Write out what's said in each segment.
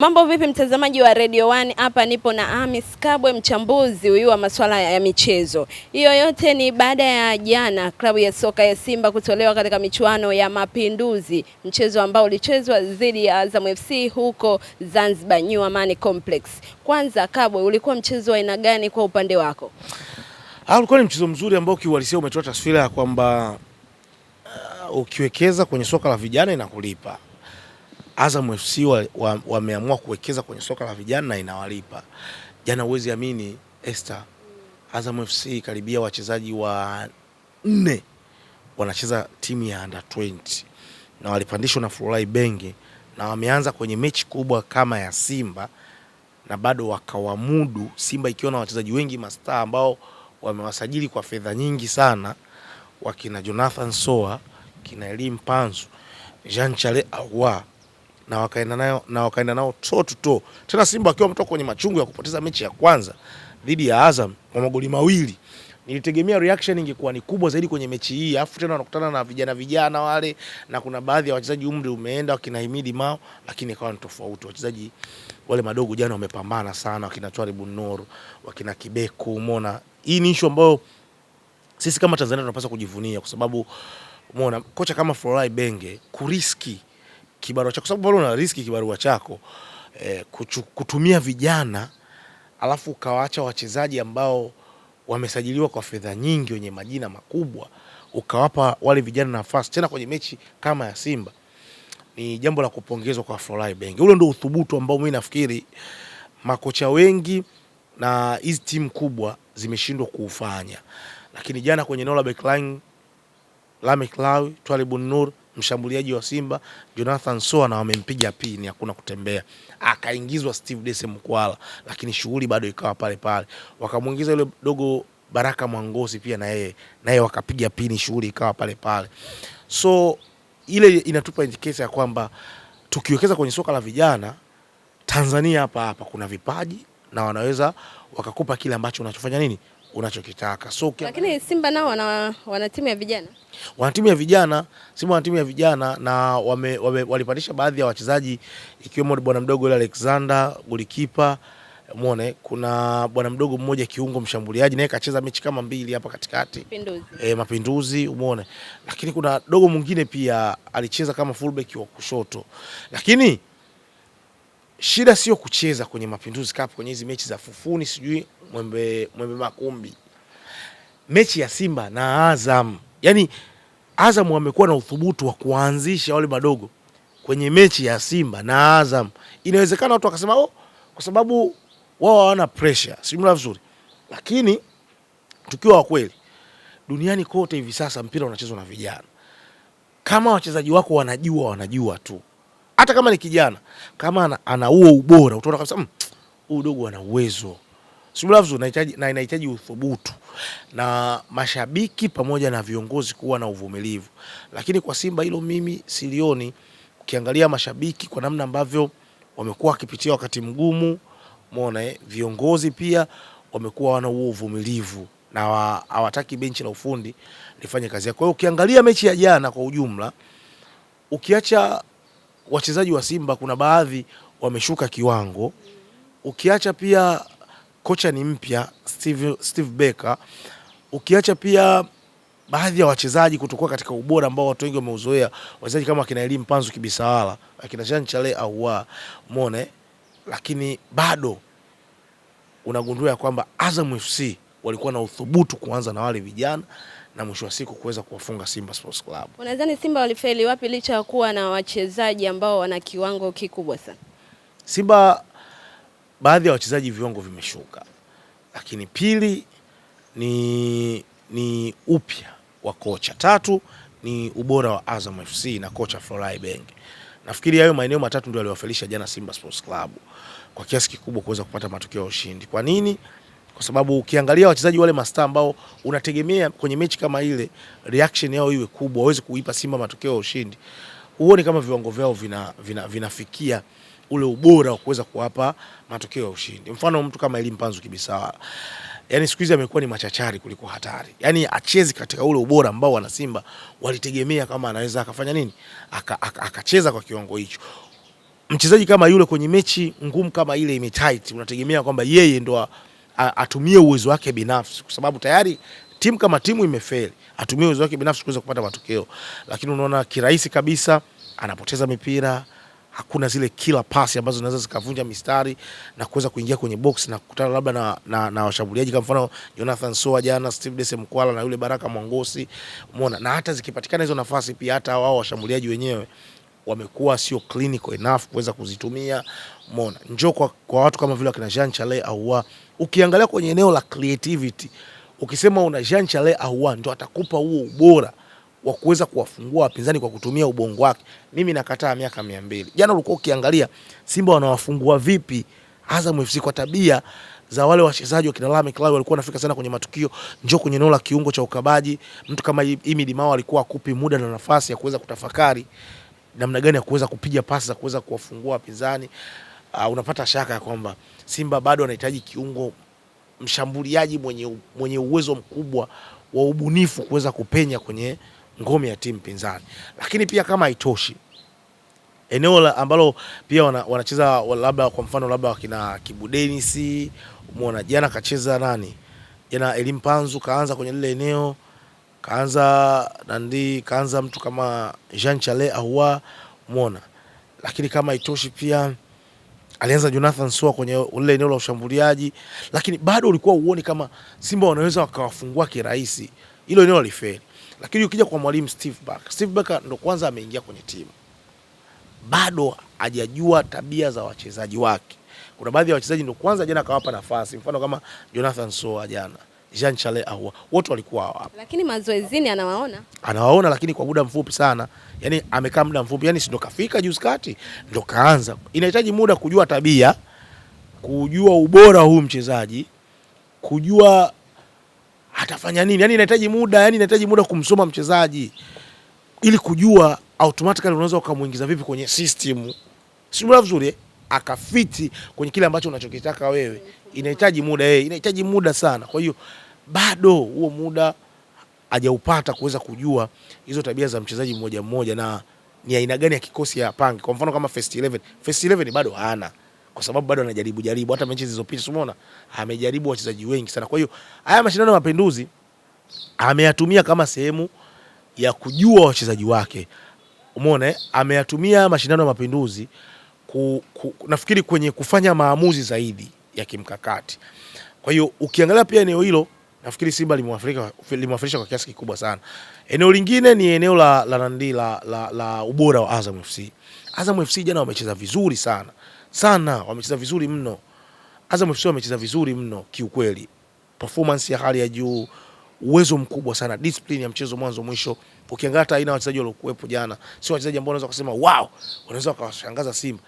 Mambo vipi mtazamaji wa Radio 1, hapa nipo na Amis Kabwe, mchambuzi huyu wa masuala ya michezo. Hiyo yote ni baada ya jana klabu ya soka ya Simba kutolewa katika michuano ya Mapinduzi, mchezo ambao ulichezwa dhidi ya Azam FC huko Zanzibar, New Amani Complex. Kwanza Kabwe, ulikuwa mchezo wa aina gani kwa upande wako? Ah, ulikuwa ni mchezo mzuri ambao kiuhalisia umetoa taswira ya kwamba uh, ukiwekeza kwenye soka la vijana inakulipa Azam FC wameamua wa, wa kuwekeza kwenye soka la vijana na inawalipa. Jana huwezi amini Esther, Azam FC karibia wachezaji wa nne wanacheza timu ya under 20 na walipandishwa na Fulai Benge na wameanza kwenye mechi kubwa kama ya Simba na bado wakawamudu, Simba ikiwa na wachezaji wengi mastaa ambao wamewasajili kwa fedha nyingi sana, wakina Jonathan Soa, kina Elim Panzu, Jean Chale Ahoua na wakaenda nayo na wakaenda nao to to Tena Simba akiwa mtoka kwenye machungu ya kupoteza mechi ya kwanza dhidi ya Azam kwa magoli mawili. Nilitegemea reaction ingekuwa ni kubwa zaidi kwenye mechi hii, afu tena wanakutana na vijana vijana wale, na kuna baadhi ya wachezaji umri umeenda wakina Himidi Mao, lakini ikawa ni tofauti. Wachezaji wale madogo jana wamepambana sana, wakina Chwari Nuru, wakina Kibeko, umeona. Hii ni issue ambayo sisi kama Tanzania tunapaswa kujivunia, kwa sababu umeona kocha kama Florai Benge kuriski kibarua chako, sababu bado una riski kibarua chako e, kuchu, kutumia vijana alafu ukawaacha wachezaji ambao wamesajiliwa kwa fedha nyingi wenye majina makubwa, ukawapa wale vijana nafasi tena kwenye mechi kama ya Simba, ni jambo la kupongezwa kwa Florent Ibenge. Ule ndio uthubutu ambao mimi nafikiri makocha wengi na hizi timu kubwa zimeshindwa kuufanya, lakini jana kwenye eneo la backline Lamek Lawi, Twalibu Nur mshambuliaji wa Simba Jonathan Soa na wamempiga pini, hakuna kutembea, akaingizwa Steve Dese Mkwala, lakini shughuli bado ikawa pale pale. Wakamwingiza yule dogo Baraka Mwangosi pia na yeye na yeye wakapiga pini, shughuli ikawa pale pale. So ile inatupa indikesa ya kwamba tukiwekeza kwenye soka la vijana Tanzania hapa hapa kuna vipaji na wanaweza wakakupa kile ambacho unachofanya nini unachokitaka. So, lakini Simba nao wana, wana timu ya vijana wana timu ya vijana Simba wana timu ya vijana na wame, wame, walipandisha baadhi ya wachezaji ikiwemo bwana mdogo yule Alexander golikipa mwone, eh? kuna bwana mdogo mmoja kiungo mshambuliaji naye kacheza mechi kama mbili hapa katikati E, Mapinduzi eh, umeone, lakini kuna dogo mwingine pia alicheza kama fullback wa kushoto, lakini shida sio kucheza kwenye Mapinduzi Cup kwenye hizi mechi za Fufuni sijui Mwembe, Mwembe Makumbi, mechi ya Simba na Azam, yani Azam wamekuwa na uthubutu wa kuanzisha wale madogo kwenye mechi ya Simba na Azam. Inawezekana watu wakasema oh, kwa sababu wao hawana pressure, simla vizuri, lakini tukiwa wa kweli, duniani kote hivi sasa mpira unachezwa na vijana. Kama wachezaji wako wanajua, wanajua tu, hata kama ni kijana, kama ana huo ubora, utaona kabisa hmm, huyu dogo ana uwezo na inahitaji uthubutu na mashabiki pamoja na viongozi kuwa na uvumilivu, lakini kwa Simba hilo mimi silioni. Ukiangalia mashabiki kwa namna ambavyo wamekuwa wakipitia wakati mgumu, umeona eh, viongozi pia wamekuwa wana huo uvumilivu na hawataki benchi la ufundi lifanye kazi yake. Kwa hiyo ukiangalia mechi ya jana kwa ujumla, ukiacha wachezaji wa Simba kuna baadhi wameshuka kiwango, ukiacha pia kocha ni mpya Steve, Steve Baker, ukiacha pia baadhi ya wachezaji kutokuwa katika ubora ambao watu wengi wameuzoea, wachezaji kama akina Elim Panzu Kibisawala, akina Jean Chale au Mone, lakini bado unagundua ya kwamba Azam FC walikuwa na uthubutu kuanza na wale vijana na mwisho wa siku kuweza kuwafunga Simba Sports Club. Unadhani Simba walifeli wapi licha ya kuwa na wachezaji ambao wana kiwango kikubwa sana? Simba baadhi ya wachezaji viwango vimeshuka, lakini pili ni, ni upya wa kocha, tatu ni ubora wa Azam FC na kocha Florai Benge. Nafikiri hayo maeneo matatu ndio aliwafelisha jana Simba Sports Club kwa kiasi kikubwa kuweza kupata matokeo ya ushindi. Kwa nini? Kwa sababu ukiangalia wachezaji wale masta ambao unategemea kwenye mechi kama ile reaction yao iwe kubwa, waweze kuipa Simba matokeo ya ushindi, huoni kama viwango vyao vina, vina, vinafikia ule ubora wa kuweza kuwapa matokeo ya ushindi. Mfano mtu kama Elie Mpanzu Kibisawa, yani siku hizi amekuwa ni machachari kuliko hatari, yani achezi katika ule ubora ambao wana Simba walitegemea kama anaweza akafanya nini, akacheza aka, aka kwa kiwango hicho. Mchezaji kama yule kwenye mechi ngumu kama ile ime tight, unategemea kwamba yeye ndo atumie uwezo wake binafsi, kwa sababu tayari timu kama timu imefeli, atumie uwezo wake binafsi kuweza kupata matokeo, lakini unaona kirahisi kabisa anapoteza mipira hakuna zile kila pasi ambazo zinaweza zikavunja mistari na kuweza kuingia kwenye box na kukutana labda na, na, na washambuliaji kama mfano Jonathan Soa jana, Steve Dese Mkwala na yule Baraka Mwangosi, umeona. Na hata zikipatikana hizo nafasi pia hata wao washambuliaji wenyewe wamekuwa sio clinical enough kuweza kuzitumia, umeona. Njoo kwa, kwa watu kama vile akina Jean Chale au ukiangalia kwenye eneo la creativity, ukisema una Jean Chale au ndo atakupa huo ubora wa kuweza kuwafungua wapinzani kwa kutumia ubongo wake. Mimi nakataa miaka mia mbili. Jana ulikuwa ukiangalia Simba wanawafungua vipi Azam FC kwa tabia za wale wachezaji wa kina Lame Klawe walikuwa wanafika sana kwenye matukio, njoo kwenye eneo la kiungo cha ukabaji. Mtu kama Imidi Mao alikuwa akupi muda na nafasi ya kuweza kutafakari namna gani ya kuweza kupiga pasi za kuweza kuwafungua wapinzani. Uh, unapata shaka ya kwamba Simba bado anahitaji kiungo mshambuliaji mwenye, mwenye uwezo mkubwa wa ubunifu kuweza kupenya kwenye ngome ya timu pinzani. Lakini pia kama haitoshi, eneo la ambalo pia wanacheza wana labda kwa mfano labda wakina Kibu Dennis, umeona jana kacheza nani jana, Elim Panzu kaanza kwenye lile eneo, kaanza nandi, kaanza mtu kama Jean Chale Ahua, umeona. Lakini kama haitoshi pia alianza Jonathan Sowah kwenye lile eneo la ushambuliaji, lakini bado ulikuwa uone kama Simba wanaweza wakawafungua kirahisi. Hilo eneo lifeli lakini ukija kwa mwalimu Steve Barker, Steve Barker ndo kwanza ameingia kwenye timu, bado hajajua tabia za wachezaji wake. Kuna baadhi ya wachezaji ndo kwanza jana akawapa nafasi, mfano kama Jonathan Soa jana, Jean Chale Ahoua, wote walikuwa hapo, lakini mazoezini anawaona, anawaona lakini kwa muda mfupi sana, yani amekaa muda mfupi, yani si ndo kafika juzi kati ndo kaanza. Inahitaji muda kujua tabia, kujua ubora huu mchezaji, kujua atafanya nini? Yani inahitaji muda, yani inahitaji muda kumsoma mchezaji ili kujua automatically unaweza ukamuingiza vipi kwenye system, bora vizuri eh? akafiti kwenye kile ambacho unachokitaka wewe. Inahitaji muda yeye, eh? inahitaji muda sana. Kwa hiyo bado huo muda hajaupata kuweza kujua hizo tabia za mchezaji mmoja mmoja na ni aina gani ya kikosi ya pange. Kwa mfano kama first 11, first 11 bado hana kwa sababu bado anajaribu jaribu. Hata mechi zilizopita umeona amejaribu wachezaji wengi sana. Kwa hiyo haya mashindano ya Mapinduzi ameyatumia kama sehemu ya kujua wachezaji wake, umeona eh? ameyatumia mashindano ya Mapinduzi ku, ku, nafikiri kwenye kufanya maamuzi zaidi ya kimkakati. Kwa hiyo ukiangalia pia eneo hilo nafikiri Simba limewafirisha kwa kiasi kikubwa sana. Eneo lingine ni eneo la la, la, la, la ubora wa Azam FC. Azam FC jana wamecheza vizuri sana sana, wamecheza vizuri mno. Azam FC wamecheza vizuri mno kiukweli, performance ya hali ya juu, uwezo mkubwa sana, discipline ya mchezo mwanzo mwisho. Ukiangalia hata aina wachezaji waliokuwepo jana, sio wachezaji ambao unaweza kusema wow, wanaweza wakawashangaza Simba.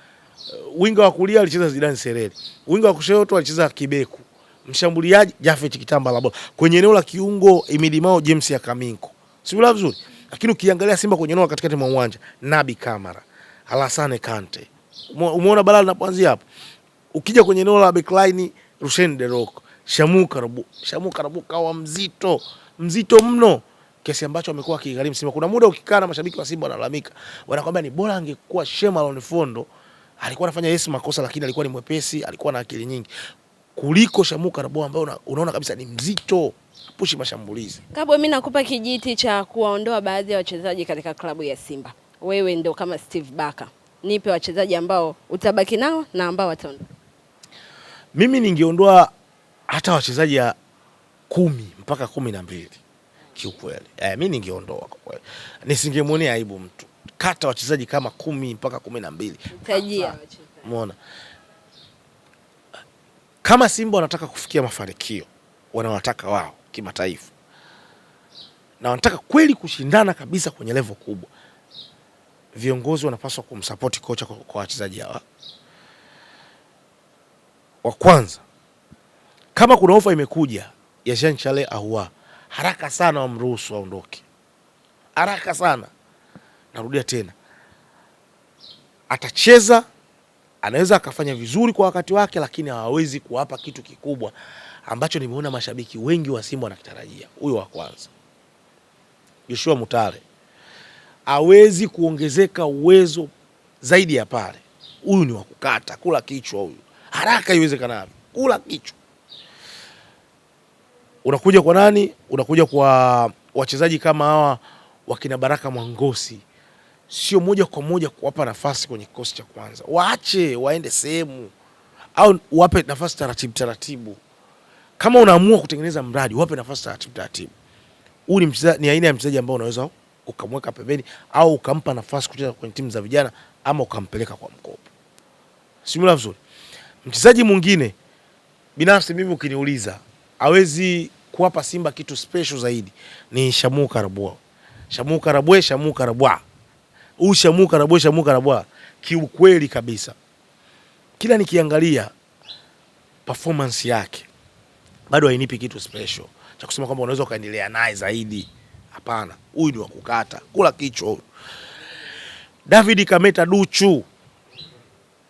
Uh, winga wa kulia alicheza Zidane Serere, winga wa kushoto alicheza Kibeku, mshambuliaji Jafet Kitamba la bola, kwenye eneo la kiungo Imilimao James ya Kaminko, sivyo vizuri. Lakini ukiangalia Simba kwenye eneo katikati mwa uwanja, Nabi Kamara, Alasane Kante Umeona balaa linapoanzia hapo. Ukija kwenye eneo la backline, Rushine De Reuck, Shamu Karabu, Shamu Karabu kawa mzito, mzito mno kiasi ambacho amekuwa akigharimu Simba. Kuna muda ukikaa na mashabiki wa Simba wanalalamika, wanakwambia ni bora angekuwa Shemalon Fondo, alikuwa anafanya Yesu makosa, lakini alikuwa ni mwepesi, alikuwa na akili nyingi kuliko Shamu Karabo ambaye unaona kabisa ni mzito pushi mashambulizi. Kabwe, mimi nakupa kijiti cha kuwaondoa baadhi ya wachezaji katika klabu ya Simba. Wewe ndio kama Steve Baka nipe wachezaji ambao utabaki nao na ambao wataondoka. Mimi ningeondoa hata wachezaji kumi mpaka kumi na mbili kiukweli. Eh, mimi ningeondoa kwa kweli, nisingemwonea aibu mtu, kata wachezaji kama kumi mpaka kumi na mbili. Umeona, ah, kama Simba wanataka kufikia mafanikio wanawataka wao kimataifa na wanataka kweli kushindana kabisa kwenye level kubwa viongozi wanapaswa kumsapoti kocha kwa, kwa wachezaji hawa. Wa kwanza, kama kuna ofa imekuja ya Jean Charles Ahoua, haraka sana wamruhusu aondoke, haraka sana. Narudia tena, atacheza anaweza akafanya vizuri kwa wakati wake, lakini hawawezi kuwapa kitu kikubwa ambacho nimeona mashabiki wengi wa Simba wanakitarajia. Huyo wa kwanza Joshua Mutale hawezi kuongezeka uwezo zaidi ya pale. Huyu ni wa kukata, kula kichwa huyu haraka iwezekanavyo, kula kichwa. Unakuja kwa nani? Unakuja kwa wachezaji kama hawa wakina Baraka Mwangosi, sio moja kwa moja kuwapa nafasi kwenye kikosi cha kwanza, waache waende sehemu au wape nafasi taratibu taratibu. Kama unaamua kutengeneza mradi, wape nafasi taratibu taratibu. Huyu ni aina ya mchezaji ambao unaweza ukamweka pembeni au ukampa nafasi kucheza kwenye timu za vijana ama ukampeleka kwa mkopo. Simula vizuri. Mchezaji mwingine binafsi mimi ukiniuliza hawezi kuwapa Simba kitu special zaidi ni Shamu Karabwa. Shamu Karabwe, Shamu Karabwa. Huyu Shamu Karabwe, Shamu Karabwa kiukweli kabisa. Kila nikiangalia performance yake bado hainipi kitu special cha kusema kwamba unaweza ukaendelea naye zaidi. Hapana, huyu ni wa kukata, kula kichwa. David kameta duchu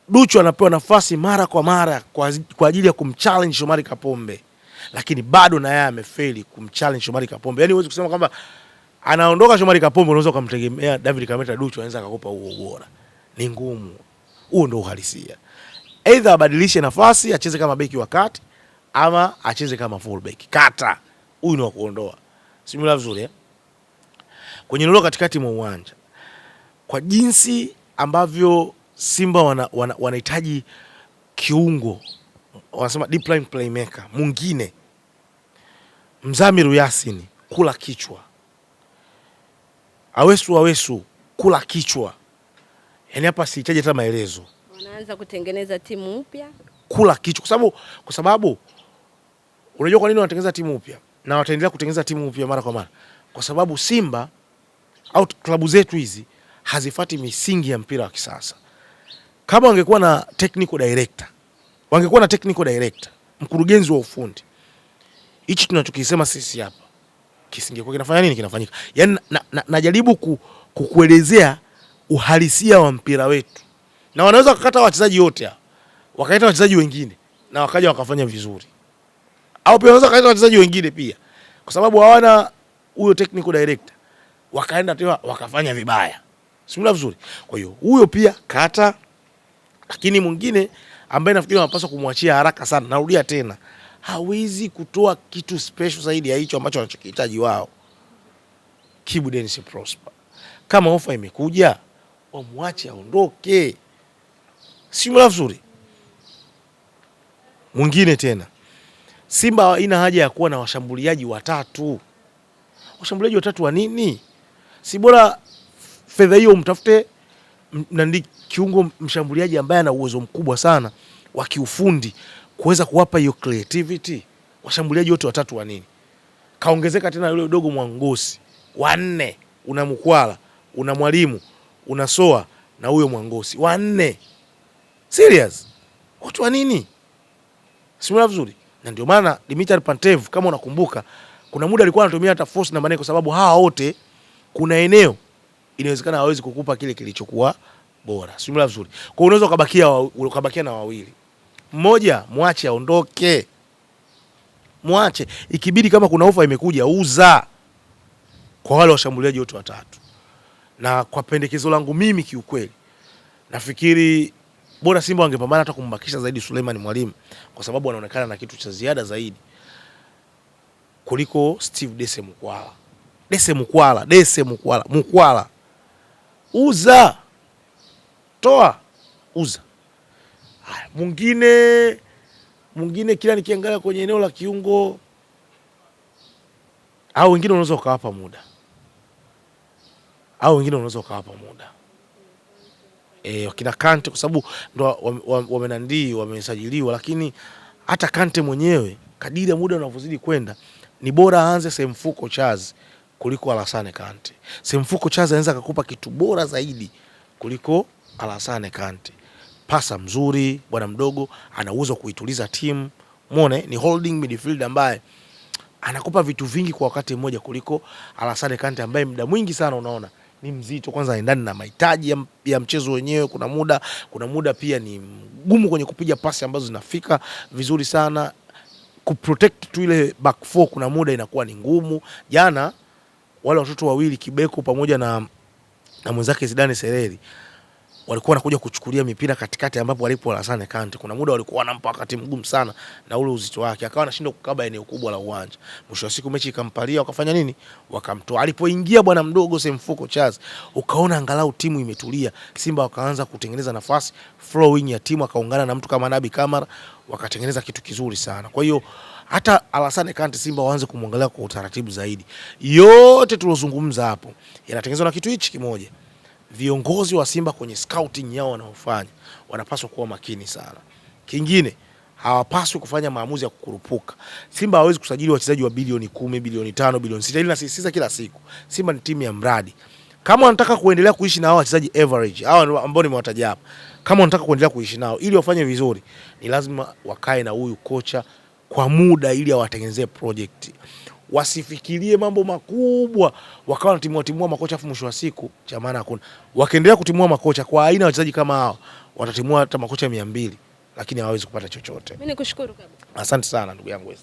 Duchu anapewa nafasi mara kwa mara kwa, ajili ya kumchallenge Shomari Kapombe, lakini bado na yeye amefeli kumchallenge Shomari Kapombe. Yani huwezi kusema kwamba anaondoka Shomari Kapombe unaweza ukamtegemea David Kameta Duchu anaweza akakopa huo ubora. Ni ngumu. Huo ndo uhalisia. Either abadilishe nafasi acheze kama beki wa kati ama acheze kama full Kata. Huyu ni wa kuondoa. Simula vizuri eh? kwenye nilo katikati mwa uwanja kwa jinsi ambavyo Simba wanahitaji wana, wana kiungo wanasema deep line playmaker mwingine Mzamiru Yasini kula kichwa, Awesu Awesu kula kichwa, yani hapa sihitaji hata maelezo. Wanaanza kutengeneza timu upya kula kichwa, kwa sababu kwa sababu unajua kwa nini wanatengeneza timu upya na wataendelea kutengeneza timu upya mara kwa mara, kwa sababu Simba au klabu zetu hizi hazifati misingi ya mpira wa kisasa. Kama wangekuwa na technical director, wangekuwa na technical director, mkurugenzi wa ufundi, hichi tunachokisema sisi hapa kisingekuwa kinafanya nini, kinafanyika. Yani najaribu na, na kukuelezea uhalisia wa mpira wetu, na wanaweza wakakata wachezaji wote wakaita wachezaji wengine na wakaja wakafanya vizuri, au pia wanaweza wakaita wachezaji wengine pia, kwa sababu hawana huyo technical director wakaenda tena wakafanya vibaya, simula vizuri. Kwa hiyo huyo pia kata, lakini mwingine ambaye nafikiri anapaswa kumwachia haraka sana, narudia tena, hawezi kutoa kitu special zaidi ya hicho ambacho wanachokihitaji wao. Kibu Dennis Prosper, kama ofa imekuja wamwache aondoke, simula vizuri. Mwingine tena Simba haina haja ya kuwa na washambuliaji watatu. Washambuliaji watatu wa nini? si bora fedha hiyo umtafute nani kiungo mshambuliaji ambaye ana uwezo mkubwa sana wa kiufundi kuweza kuwapa hiyo creativity washambuliaji wote watatu wa nini? Kaongezeka tena yule udogo Mwangosi, wanne una Mkwala, una Mwalimu, una Soa na huyo Mwangosi, wanne serious, watu wa nini? Simula vizuri, na ndio maana Dimitar Pantev, kama unakumbuka, kuna muda alikuwa anatumia hata force namba nane kwa sababu hawa wote kuna eneo inawezekana hawezi kukupa kile kilichokuwa bora, simla vizuri. Kwa unaweza ukabakia ukabakia na wawili, mmoja mwache aondoke, mwache ikibidi, kama kuna ofa imekuja uza kwa wale washambuliaji wote watatu. Na kwa pendekezo langu mimi, kiukweli nafikiri bora Simba wangepambana hata kumbakisha zaidi Suleiman Mwalimu, kwa sababu anaonekana na kitu cha ziada zaidi kuliko Steve Dese Mkwala. Dese Mkwala, Dese Mkwala, Mkwala. Uza. Toa, uza. mungine mwingine mwingine kila nikiangalia kwenye eneo la kiungo au wengine unaweza ukawapa muda au wengine unaweza ukawapa muda e, wakina Kante kwa sababu ndo wamenandii wame wamesajiliwa, lakini hata Kante mwenyewe kadiri ya muda unavyozidi kwenda ni bora aanze sehemu fuko chazi kuliko Alasane Kante. Simfuko Chaza anaweza akakupa kitu bora zaidi kuliko Alasane Kante. Pasa mzuri bwana mdogo, ana uwezo kuituliza timu. Muone ni holding midfield ambaye anakupa vitu vingi kwa wakati mmoja kuliko Alasane Kante ambaye muda mwingi sana unaona ni mzito, kwanza endani na mahitaji ya, ya mchezo wenyewe. Kuna muda kuna muda pia ni mgumu kwenye kupiga pasi ambazo zinafika vizuri sana, kuprotect tu ile back four, kuna muda inakuwa ni ngumu. Jana wale watoto wawili Kibeko pamoja na, na mwenzake Zidane Sereri walikuwa wanakuja kuchukulia mipira katikati ambapo walipo Lassane Kante. Kuna muda walikuwa wanampa wakati mgumu sana na ule uzito wake, akawa anashindwa kukaba eneo kubwa la uwanja. Mwisho wa siku mechi ikampalia, wakafanya nini? Wakamtoa. Alipoingia bwana mdogo Semfuko Charles, ukaona angalau timu imetulia. Simba wakaanza kutengeneza nafasi, flowing ya timu, akaungana na mtu kama Nabi Kamara wakatengeneza kitu kizuri sana. Kwa hiyo hata Alasane Kante Simba waanze kumwangalia kwa utaratibu zaidi. Yote tuliozungumza hapo yanatengenezwa na kitu hichi kimoja. Viongozi wa Simba kwenye scouting yao wanaofanya wanapaswa kuwa makini sana. Kingine hawapaswi kufanya maamuzi ya kukurupuka. Simba hawezi kusajili wachezaji wa bilioni kumi, bilioni tano, bilioni sita. Ili nasisitiza kila siku, Simba ni timu ya mradi. Kama wanataka kuendelea kuishi na hao wachezaji average, hao ambao nimewataja hapa, kama wanataka kuendelea kuishi nao ili wafanye vizuri, ni lazima wakae na huyu kocha kwa muda, ili awatengenezee project. Wasifikirie mambo makubwa wakawa wanatimua timua makocha afu mwisho wa siku cha maana hakuna. Wakiendelea kutimua makocha kwa aina ya wachezaji kama hao, watatimua hata makocha mia mbili lakini hawawezi kupata chochote. Mimi nikushukuru kabisa. Asante sana ndugu yangu.